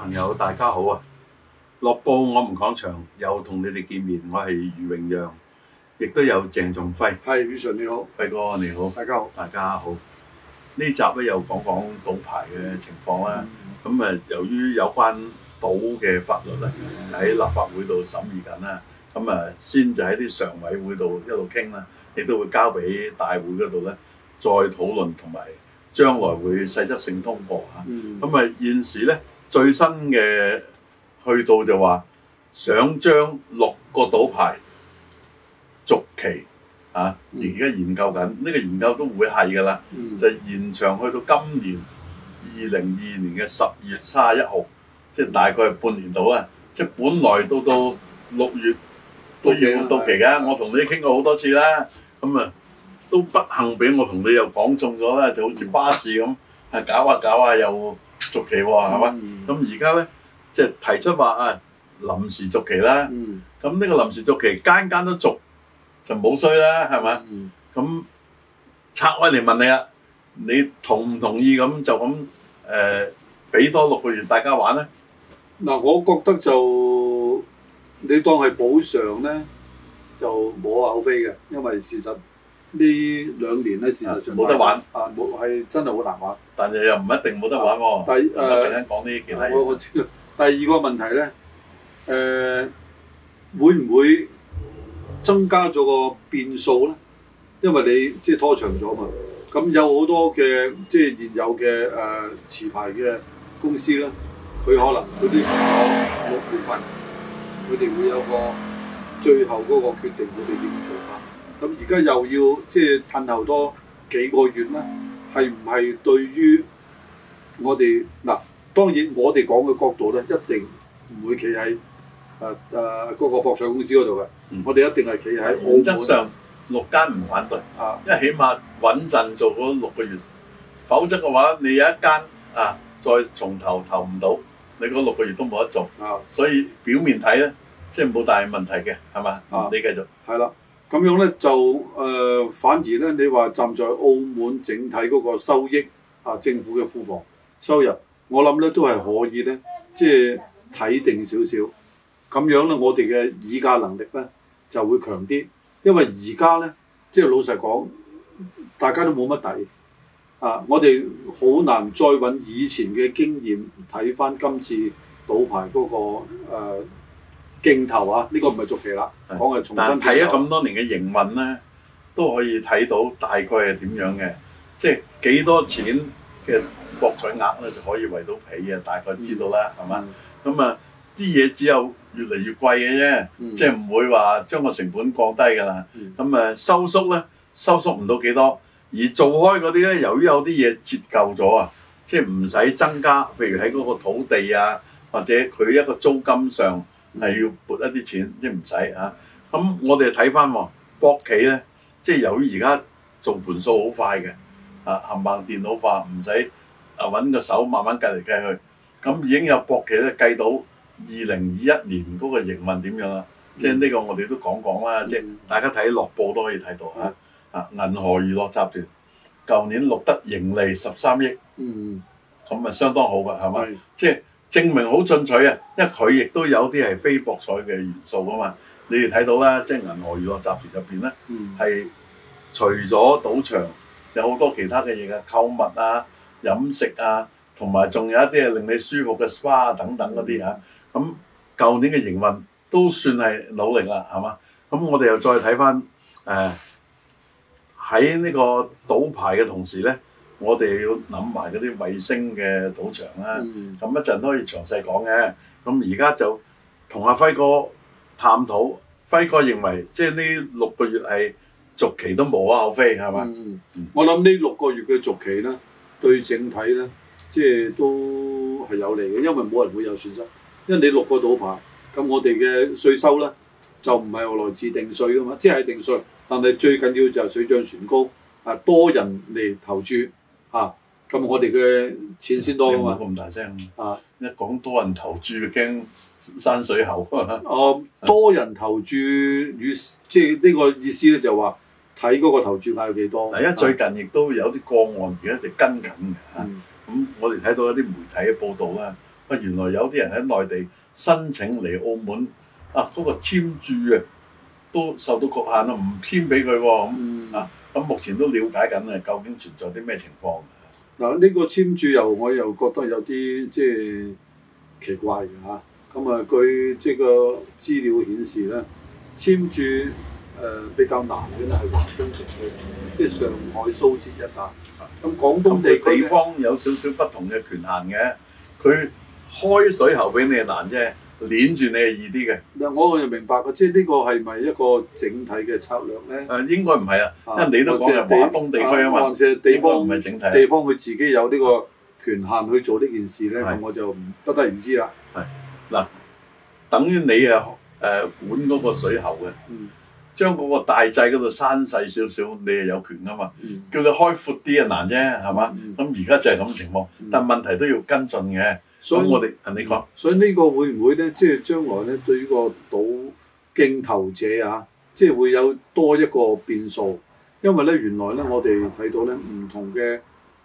朋友大家好啊！樂報我哋講場，又同你哋見面，我係余榮陽，亦都有鄭仲輝。係宇純你好，輝哥你好，大家好，你大家好。呢集咧又講講賭牌嘅情況啦。咁啊、嗯，由於有關賭嘅法律咧，嗯、就喺立法會度審議緊啦。咁啊、嗯，先就喺啲常委會度一路傾啦，亦都會交俾大會嗰度咧，再討論同埋將來會細則性通過吓。咁啊、嗯，現時咧。最新嘅去到就話想將六個賭牌續期啊，而家研究緊，呢個研究都會係㗎啦。就延長去到今年二零二二年嘅十月三十一號，即係大概係半年度啊。即係本來到到六月都要到期嘅。我同你傾過好多次啦。咁啊都不幸俾我同你又講中咗啦，就好似巴士咁係搞啊搞啊又～續期喎，係嘛？咁而家咧，即係提出話啊，臨時續期啦。咁呢、嗯、個臨時續期，間間都續就冇衰啦，係咪？咁、嗯、拆開嚟問你啦，你同唔同意咁就咁誒俾多六個月大家玩咧？嗱、嗯，我覺得就你當係補償咧，就無可厚非嘅，因為事實。呢兩年咧，事實上冇得玩、啊、得玩啊！冇係真係好難玩，但係又唔一定冇得玩喎。第誒、啊，我我知道。第二個問題咧，誒、呃、會唔會增加咗個變數咧？因為你即係拖長咗嘛，咁有好多嘅即係現有嘅誒、呃、持牌嘅公司咧，佢可能佢哋有六年份，佢哋會有個最後嗰個決定會，我哋點做翻？咁而家又要即係探頭多幾個月咧，係唔係對於我哋嗱？當然我哋講嘅角度咧，一定唔會企喺誒誒嗰個博彩公司嗰度嘅。我哋一定係企喺原則上六間唔反對，的因為起碼穩陣做嗰六個月。否則嘅話，你有一間啊再從頭投唔到，你嗰六個月都冇得做。的所以表面睇咧，即係冇大問題嘅，係嘛？你繼續。係啦。咁樣咧就誒、呃，反而咧，你話站在澳門整體嗰個收益啊，政府嘅庫房收入，我諗咧都係可以咧，即係睇定少少。咁樣咧，我哋嘅議價能力咧就會強啲，因為而家咧，即係老實講，大家都冇乜底啊，我哋好難再搵以前嘅經驗睇返今次賭牌嗰、那個、啊鏡頭啊！呢、這個唔係續期啦，講嘅、哎、重新。睇咗咁多年嘅營運咧，都可以睇到大概係點樣嘅，即係幾多錢嘅博彩額咧就可以圍到皮啊！大概知道啦，係嘛、嗯？咁啊，啲嘢只有越嚟越貴嘅啫，即係唔會話將個成本降低㗎啦。咁啊、嗯，收縮咧收縮唔到幾多，而做開嗰啲咧，由於有啲嘢折舊咗啊，即係唔使增加，譬如喺嗰個土地啊，或者佢一個租金上。係、嗯、要撥一啲錢，即係唔使啊！咁我哋睇翻博企咧，即、就、係、是、由於而家做盤數好快嘅，啊冚唪唥電腦化，唔使啊揾個手慢慢計嚟計去。咁已經有博企咧計到二零二一年嗰個營運點樣啦。即係呢個我哋都講講啦。即係、嗯、大家睇落報都可以睇到嚇。嗯、啊，銀河娛樂集團舊年錄得盈利十三億，咁啊、嗯嗯、相當好㗎，係咪？即係。證明好進取啊！因為佢亦都有啲係非博彩嘅元素噶嘛，你哋睇到啦，即係銀河娛樂集團入邊咧，係、嗯、除咗賭場，有好多其他嘅嘢㗎，購物啊、飲食啊，同埋仲有一啲係令你舒服嘅 SPA、啊、等等嗰啲嚇。咁舊年嘅營運都算係努力啦，係嘛？咁我哋又再睇翻誒喺呢個賭牌嘅同時咧。我哋要諗埋嗰啲衞星嘅賭場啦，咁、嗯、一陣都可以詳細講嘅。咁而家就同阿輝哥探討，輝哥認為即係呢六個月係續期都無可厚非，係嘛？嗯嗯、我諗呢六個月嘅續期咧，對整體咧，即係都係有利嘅，因為冇人會有損失，因為你六個賭牌，咁我哋嘅稅收咧就唔係來自定稅㗎嘛，即係定稅，但係最緊要就係水漲船高，係多人嚟投注。啊！咁我哋嘅錢先多啊嘛！你唔好咁大聲啊！啊一講多人投注，就驚山水喉哦，啊、多人投注與即係呢個意思咧，就話睇嗰個投注額有幾多。係啊，最近亦都有啲個案，而家一直跟緊嘅。嗯、啊。咁、啊、我哋睇到一啲媒體嘅報道啦，啊，原來有啲人喺內地申請嚟澳門啊，嗰、嗰個簽注啊都受到局限啦，唔簽俾佢喎。啊！啊咁目前都了解緊啊，究竟存在啲咩情況？嗱，呢個簽注又我又覺得有啲即係奇怪嘅嚇。咁啊，據即係個資料顯示咧，簽注誒比較難嘅咧係華東城區，即係上海蘇浙一帶。咁、啊啊嗯、廣東地地方有少少不同嘅權限嘅，佢開水喉俾你係難啫。啊捏住你係易啲嘅。嗱，我就明白嘅，即係呢個係咪一個整體嘅策略咧？誒，應該唔係啊，因為你都講係華東地區啊嘛，地方唔係整體。地方佢自己有呢個權限去做呢件事咧，咁是的 我就不得而知啦。係嗱，等於你啊誒、呃、管嗰個水喉嘅，將嗰、嗯、個大掣嗰度閂細少少，你係有權㗎嘛？嗯、叫佢開闊啲啊，難啫，係嘛、嗯？咁而家就係咁嘅情況、嗯，但問題都要跟進嘅。所以我哋，阿你講，所以呢個會唔會咧？即係將來咧，對於個賭競投者啊，即係會有多一個變數，因為咧原來咧我哋睇到咧，唔同嘅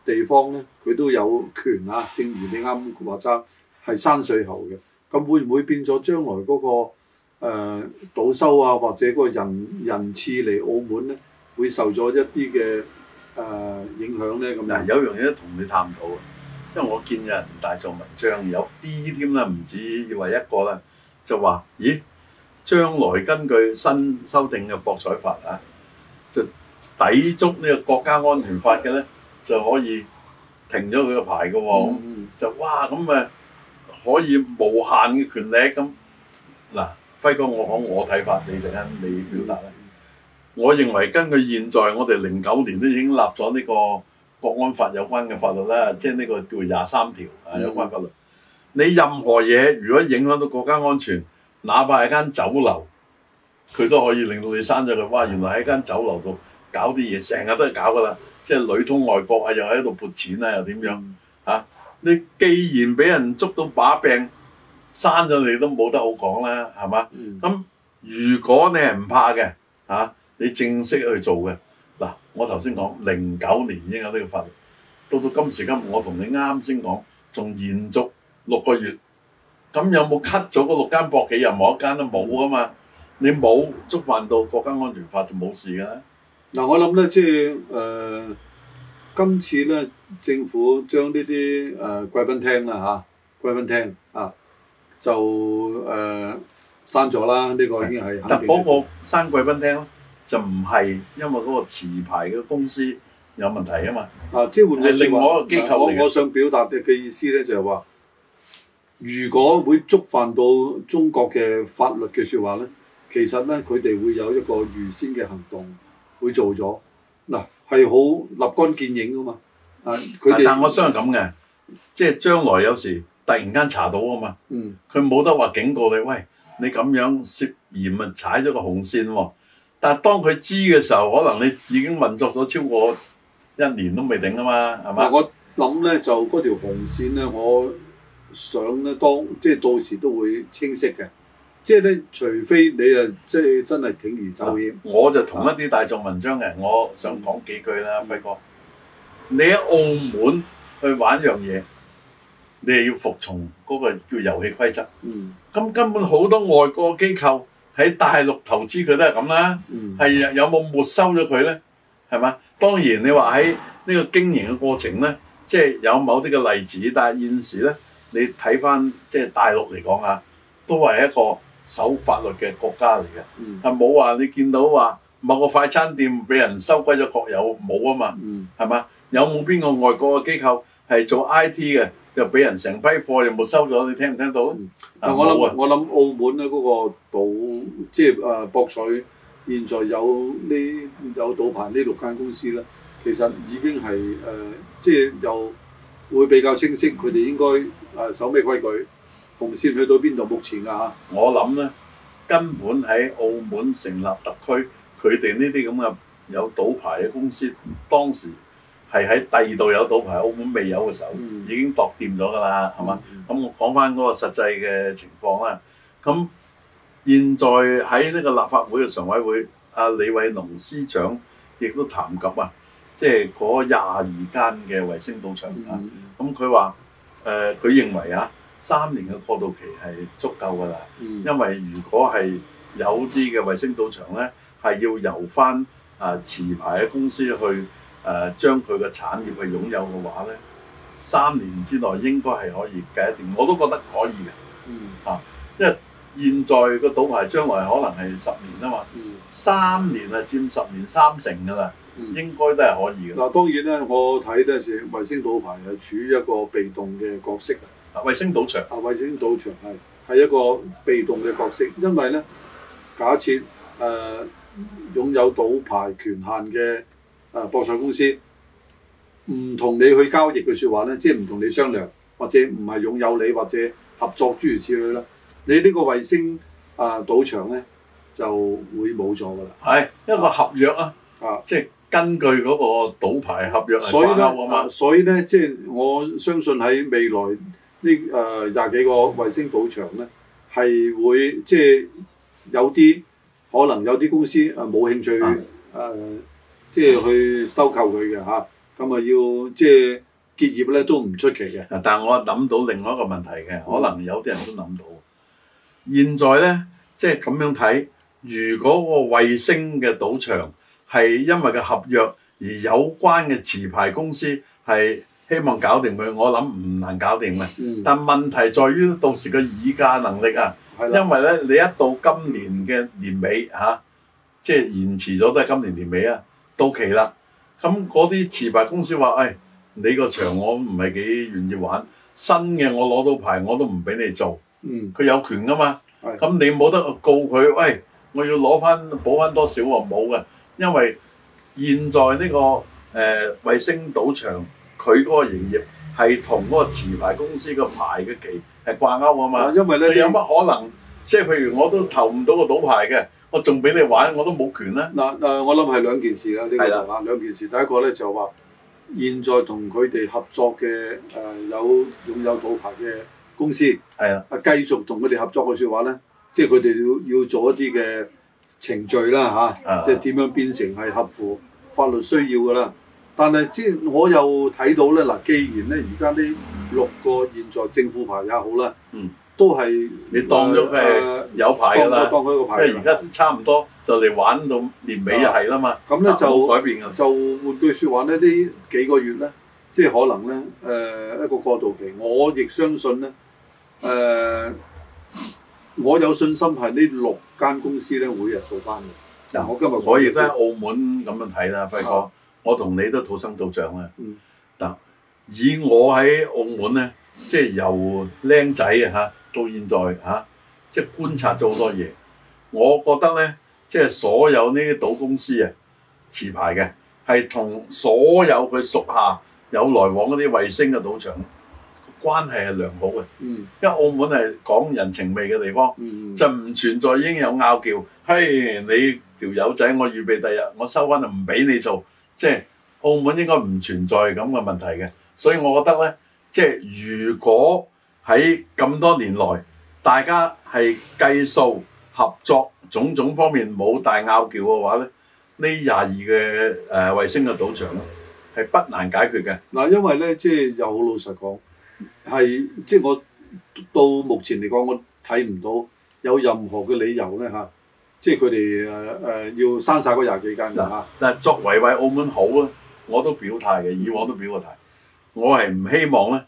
地方咧，佢都有權啊。正如你啱話齋，係山水喉嘅，咁會唔會變咗將來嗰個誒賭收啊，或者嗰個人人次嚟澳門咧，會受咗一啲嘅誒影響咧？咁但係，有樣嘢都同你探討。因為我見有人大做文章，有啲添啦，唔止以為一個啦，就話：咦，將來根據新修訂嘅博彩法啊，就抵觸呢個國家安全法嘅咧，就可以停咗佢個牌嘅喎。嗯、就哇，咁啊可以無限嘅權力咁。嗱，輝哥，我講我睇法，你陣間你表達啦。我認為根據現在我哋零九年都已經立咗呢、這個。國安法有關嘅法律啦，即係呢個叫廿三條啊，有關法律。你任何嘢如果影響到國家安全，哪怕係間酒樓，佢都可以令到你刪咗佢。哇，原來喺間酒樓度搞啲嘢，成日都係搞噶啦，即係裏通外國啊，又喺度撥錢啊，又點樣嚇、啊？你既然俾人捉到把柄，刪咗你都冇得好講啦，係嘛？咁如果你係唔怕嘅嚇、啊，你正式去做嘅。我頭先講零九年已經有呢個法律，到到今時今日，我同你啱先講，仲延續六個月。咁有冇 cut 咗嗰六間博企？任何一間都冇噶嘛？你冇觸犯到國家安全法就冇事噶啦。嗱、嗯，我諗咧，即係誒、呃、今次咧，政府將呢啲誒貴賓廳啊嚇貴賓廳啊，就誒刪咗啦。呢、呃這個已經係嗱，嗰個刪貴賓廳咯。就唔係因為嗰個持牌嘅公司有問題啊嘛，啊即係換嚟另外一個機構、啊、我，我想表達嘅嘅意思咧就係話，如果會觸犯到中國嘅法律嘅説話咧，其實咧佢哋會有一個預先嘅行動，會做咗嗱，係、啊、好立竿見影啊嘛。啊但我相信咁嘅，即係將來有時突然間查到啊嘛。嗯，佢冇得話警告你，喂，你咁樣涉嫌咪踩咗個紅線喎、啊。但係當佢知嘅時候，可能你已經運作咗超過一年都未頂啊嘛，係嘛？我諗咧就嗰條紅線咧，我想咧當即係到時都會清晰嘅。即係咧，除非你啊，即係真係鋌而走險、啊。我就同一啲大眾文章嘅，啊、我想講幾句啦，輝哥。你喺澳門去玩一樣嘢，你係要服從嗰個叫遊戲規則。嗯。咁根本好多外國機構。喺大陸投資佢都係咁啦，係、嗯、有冇沒，沒收咗佢咧？係嘛？當然你話喺呢個經營嘅過程咧，即、就、係、是、有某啲嘅例子，但係現時咧，你睇翻即係大陸嚟講啊，都係一個守法律嘅國家嚟嘅，係冇話你見到話某個快餐店俾人收歸咗國有冇啊嘛？係嘛、嗯？有冇邊個外國嘅機構係做 IT 嘅？又俾人成批貨又冇收咗，你聽唔聽到、嗯、啊？我諗想，啊、我諗澳門咧嗰個賭，即係誒博彩，現在有呢有賭牌呢六間公司咧，其實已經係誒，即、呃、係、就是、又會比較清晰，佢哋、嗯、應該誒守咩規矩，紅線去到邊度目前啊？我諗咧，根本喺澳門成立特區，佢哋呢啲咁嘅有賭牌嘅公司，當時。係喺第二度有賭牌，澳門未有嘅時候，已經度掂咗㗎啦，係嘛？咁、嗯、我講翻嗰個實際嘅情況啦。咁現在喺呢個立法會嘅常委會，阿、啊、李偉龍司長亦都談及啊，即係嗰廿二間嘅衞星賭場、嗯、啊。咁佢話誒，佢、呃、認為啊，三年嘅過渡期係足夠㗎啦。嗯、因為如果係有啲嘅衞星賭場咧，係要由翻啊持牌嘅公司去。誒將佢個產業去擁有嘅話咧，三年之內應該係可以計一啲，我都覺得可以嘅。嗯，啊，因為現在個賭牌將來可能係十年啊嘛，三年啊佔十年三成㗎啦，應該都係可以嘅。嗱，當然咧，我睇都係衛星賭牌係處於一個被動嘅角色。啊，衛星賭場。啊，衛星賭場係係一個被動嘅角色，因為咧假設誒擁有賭牌權限嘅。誒、啊、博彩公司唔同你去交易嘅説話咧，即係唔同你商量，或者唔係擁有你，或者合作諸如此類啦。你呢個衛星啊賭場咧就會冇咗㗎啦。係、哎、一個合約啊，啊，即係根據嗰個賭牌合約係掛鈎啊嘛。所以咧，即係、就是、我相信喺未來呢誒廿幾個衛星賭場咧，係、嗯、會即係、就是、有啲可能有啲公司啊冇興趣誒。嗯呃即係去收購佢嘅嚇，咁啊要即係結業咧都唔出奇嘅。但係我諗到另外一個問題嘅，嗯、可能有啲人都諗到。現在咧即係咁樣睇，如果個衞星嘅賭場係因為個合約而有關嘅持牌公司係希望搞掂佢，我諗唔難搞掂。嘅、嗯。但問題在於到時個議價能力啊，嗯、因為咧的你一到今年嘅年尾嚇、啊，即係延遲咗都係今年年尾啊。到期啦，咁嗰啲持牌公司話，誒、哎，你個場我唔係幾願意玩，新嘅我攞到牌我都唔俾你做，嗯，佢有權噶嘛，咁的你冇得告佢，喂、哎，我要攞翻補翻多少？冇嘅，因為現在呢、這個誒衛、呃、星賭場，佢嗰個營業係同嗰個持牌公司個牌嘅期係掛鈎啊嘛，因為你有乜可能？即係譬如我都投唔到個賭牌嘅。我仲俾你玩，我都冇權啦。嗱，誒，我諗係兩件事啦，呢、這個就係、是、兩的件事。第一個咧就話、是，現在同佢哋合作嘅誒、呃、有擁有賭牌嘅公司，係的啊，繼續同佢哋合作嘅説話咧，即係佢哋要要做一啲嘅程序啦，嚇、啊，的即係點樣變成係合乎法律需要㗎啦。但係之我又睇到咧，嗱，既然咧而家呢六個現在政府牌也好啦，嗯。都係你當咗佢有牌噶啦，當佢個牌，即係而家差唔多就嚟玩到年尾就係啦嘛。咁咧、嗯、就改變就換句説話咧，呢幾個月咧，即係可能咧，誒、呃、一個過渡期。我亦相信咧，誒、呃、我有信心係呢六間公司咧會又做翻嘅。嗱、嗯，嗯、我今日我亦都喺澳門咁樣睇啦，輝哥，嗯、我同你都土生土長嘅。嗱、嗯，嗯、以我喺澳門咧。即係由僆仔啊嚇到現在嚇、啊，即係觀察咗好多嘢。我覺得咧，即係所有呢啲賭公司啊，持牌嘅係同所有佢屬下有來往嗰啲衞星嘅賭場，關係係良好嘅。嗯，因為澳門係講人情味嘅地方，嗯、就唔存在已經有拗撬。嗯、嘿，你條友仔，我預備第日我收翻就唔俾你做。即係澳門應該唔存在咁嘅問題嘅，所以我覺得咧。即係如果喺咁多年來，大家係計數合作種種方面冇大拗撬嘅話咧，呢廿二嘅誒衞星嘅賭場咧，係不難解決嘅。嗱，因為咧即係又好老實講，係即係我到目前嚟講，我睇唔到有任何嘅理由咧吓、啊，即係佢哋誒誒要生晒嗰廿幾間就嚇。啊、但係作為為澳門好啊，我都表態嘅，以往都表個態。我係唔希望咧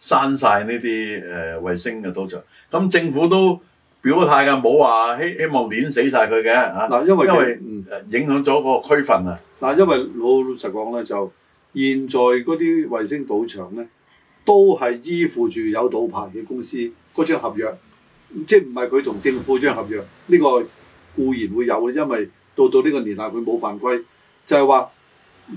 刪晒呢啲誒、呃、衛星嘅賭場，咁政府都表態嘅，冇話希希望碾死晒佢嘅啊！嗱，因為因為嗯影響咗個區分啊！嗱，因為老老實講咧，就現在嗰啲衛星賭場咧，都係依附住有賭牌嘅公司嗰張合約，即係唔係佢同政府嗰張合約？呢、這個固然會有，因為到到呢個年頭佢冇犯規，就係、是、話。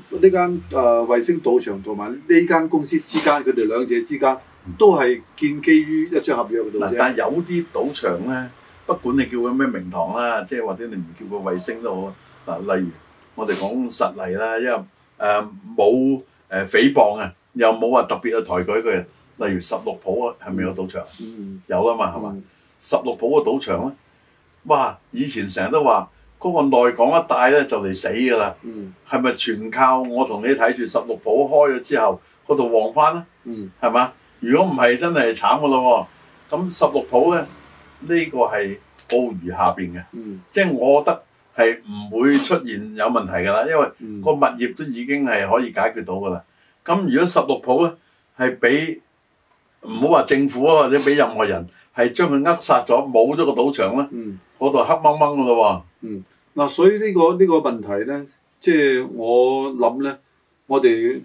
呢間誒衛星賭場同埋呢間公司之間，佢哋兩者之間都係建基於一張合約嘅道理。嗱，但係有啲賭場咧，不管你叫佢咩名堂啦，即係或者你唔叫佢衛星都好。嗱，例如我哋講實例啦，因為誒冇誒誹謗啊，又冇話特別去抬舉佢。例如十六浦啊，係咪有賭場？嗯，有啦嘛，係嘛？十六浦嘅賭場咧，哇！以前成日都話。嗰個內港一帶咧就嚟死㗎啦，係咪、嗯、全靠我同你睇住十六浦開咗之後嗰度旺翻咧？係嘛、嗯？如果唔係真係慘㗎咯喎！咁十六浦咧呢、這個係澳娛下邊嘅，即係、嗯、我覺得係唔會出現有問題㗎啦，因為個物業都已經係可以解決到㗎啦。咁如果十六浦咧係俾唔好話政府啊或者俾任何人係將佢扼殺咗，冇咗個賭場咧，嗰度、嗯、黑掹掹㗎咯喎！嗱、啊，所以呢、這個呢、這個問題呢，即係我諗呢，我哋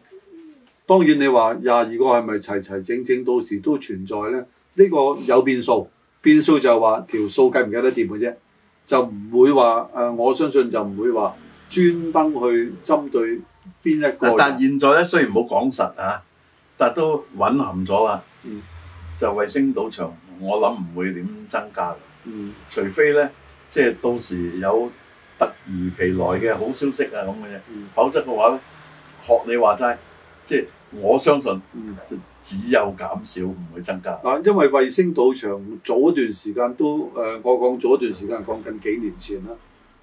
當然你話廿二個係咪齊齊整整，到時都存在呢？呢、這個有變數，變數就係話條數計唔計得掂嘅啫，就唔會話誒、呃，我相信就唔會話專登去針對邊一個。但係現在呢，雖然唔好講實啊，但都蘊含咗啦。嗯、就衞星賭場，我諗唔會點增加嘅。嗯，除非呢，即係到時有。突如其來嘅、嗯、好消息啊，咁嘅嘢，嗯、否則嘅話咧，學你話齋，即、就、係、是、我相信就、嗯、只有減少，唔會增加。啊，因為衞星賭場早一段時間都誒，我講早一段時間，講緊幾年前啦。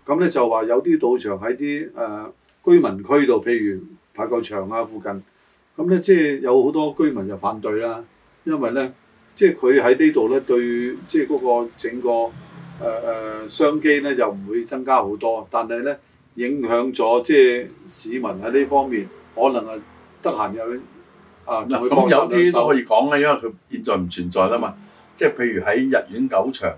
咁咧就話有啲賭場喺啲誒居民區度，譬如排球場啊附近。咁咧即係有好多居民就反對啦，因為咧即係佢喺呢度咧、就是、對即係嗰個整個。誒誒，uh, 商機咧就唔會增加好多，但係咧影響咗即係市民喺呢方面可能有啊得閒又啊咁有啲都可以講咧，啊、因為佢現在唔存在啦的的嘛。即係譬如喺日苑狗場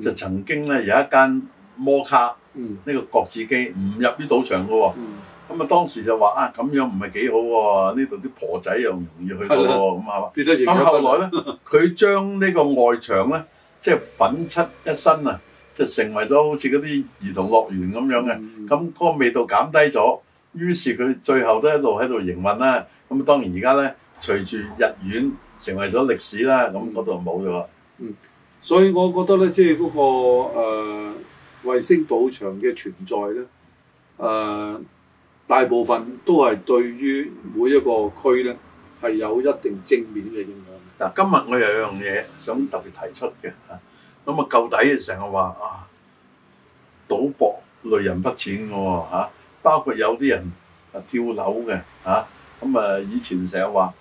就、嗯、曾經咧有一間摩卡呢個角子機唔入啲賭場噶喎，咁啊、嗯、當時就話啊咁、啊、樣唔係幾好喎，呢度啲婆仔又容易去到喎咁嚇。咁後來咧，佢將呢個外牆咧。即係粉漆一身啊，就是、成為咗好似嗰啲兒童樂園咁樣嘅，咁嗰、嗯、個味道減低咗，於是佢最後都喺度喺度營運啦。咁當然而家咧，隨住日遠成為咗歷史啦，咁嗰度冇咗啦。嗯，所以我覺得咧，即係嗰個誒、呃、衛星賭場嘅存在咧，誒、呃、大部分都係對於每一個區咧。係有一定正面嘅影響。嗱，今日我有樣嘢想特別提出嘅嚇，咁啊，舊底成日話啊，賭博累人不淺嘅喎、啊、包括有啲人啊跳樓嘅嚇，咁啊、啊以前成日話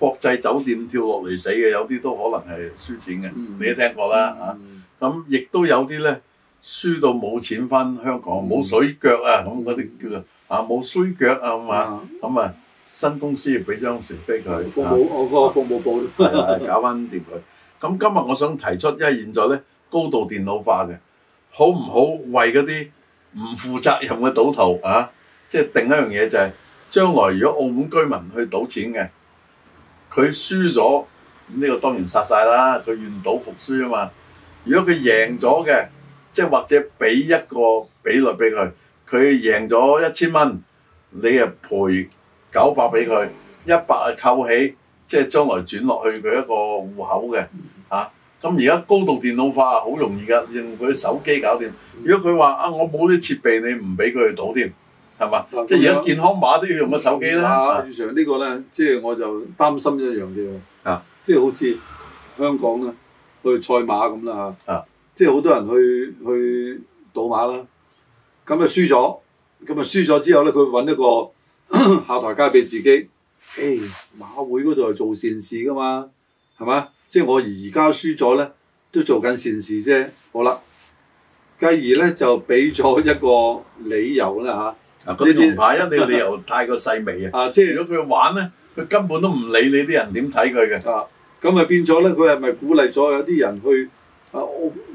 國際酒店跳落嚟死嘅，有啲都可能係輸錢嘅，嗯、你都聽過啦嚇。咁、啊、亦、啊、都有啲咧輸到冇錢翻香港，冇、嗯、水腳啊，咁嗰啲叫做啊冇衰腳啊嘛，咁、嗯、啊。啊啊啊新公司要俾張船飛佢，服務、啊、我個服務部、 啊、搞翻掂佢。咁今日我想提出，因為現在咧高度電腦化嘅，好唔好？為嗰啲唔負責任嘅賭徒啊，即係定一樣嘢就係、是，將來如果澳門居民去賭錢嘅，佢輸咗，呢、這個當然殺晒啦。佢願賭服輸啊嘛。如果佢贏咗嘅，即、就、係、是、或者俾一個比率俾佢，佢贏咗一千蚊，你啊賠。九百俾佢，一百啊扣起，即係將來轉落去佢一個戶口嘅，啊，咁而家高度電腦化好容易噶，用佢手機搞掂。如果佢話啊，我冇啲設備，你唔俾佢去賭添，係嘛？嗯、即係而家健康碼都要用個手機啦。嗯、啊，以上、啊、呢個咧，即係我就擔心一樣嘢啊，即係好似香港咧，去賽馬咁啦嚇，即係好多人去去賭馬啦，咁啊輸咗，咁啊輸咗之後咧，佢揾一個。 下台交俾自己，嘿、哎，馬會嗰度係做善事噶嘛，係嘛？即係我而家輸咗咧，都做緊善事啫。好啦，繼而咧就俾咗一個理由咧吓，呢啲龍牌因你嘅理由太過細微啊。啊，啊即係是、啊、如果佢玩咧，佢根本都唔理你啲人點睇佢嘅。啊，咁咪變咗咧？佢係咪鼓勵咗有啲人去？啊！澳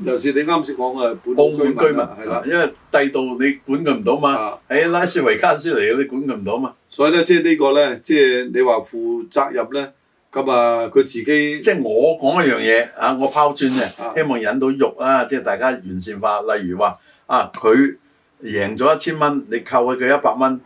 又是你啱先講嘅，澳門居民係啦，的因為第度你管佢唔到嘛，喺的、哎、拉斯維加斯嚟嘅你管佢唔到嘛。所以咧，即係呢個咧，即係你話負責任咧，咁啊，佢自己即係我講一樣嘢啊，我拋磚嘅，的希望引到玉啊，即係大家完善化，例如話啊，佢贏咗一千蚊，你扣佢佢一百蚊。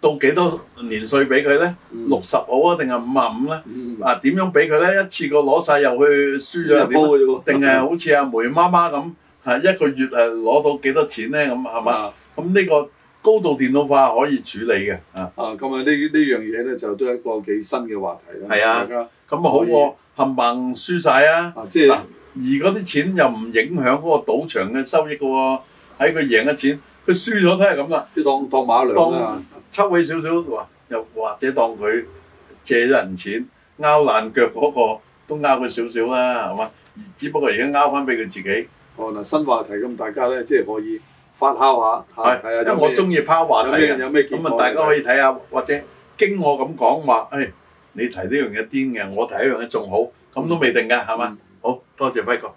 到幾多年歲俾佢咧？六十好啊，定係五啊五咧？啊，點樣俾佢咧？一次過攞晒又去輸咗，定係好似阿梅媽媽咁？係一個月係攞到幾多錢咧？咁係嘛？咁呢個高度電腦化可以處理嘅，啊。啊，咁啊呢呢樣嘢咧就都係一個幾新嘅話題啦。係啊，咁啊好過，冚唪唥輸晒啊！即係而嗰啲錢又唔影響嗰個賭場嘅收益嘅喎，喺佢贏嘅錢，佢輸咗都係咁啦，即係當駙馬良啦。抽起少少，話又或者當佢借人錢，拗爛腳嗰、那個都拗佢少少啦，係嘛？而只不過而家拗翻俾佢自己。哦，嗱新話題咁，大家咧即係可以發酵下，係係啊，因為我中意拋話題啲嘢，有咩咁問大家可以睇下，的或者經我咁講話，誒、哎、你提呢樣嘢癲嘅，我提一樣嘢仲好，咁都未定㗎，係嘛？嗯、好多謝輝哥。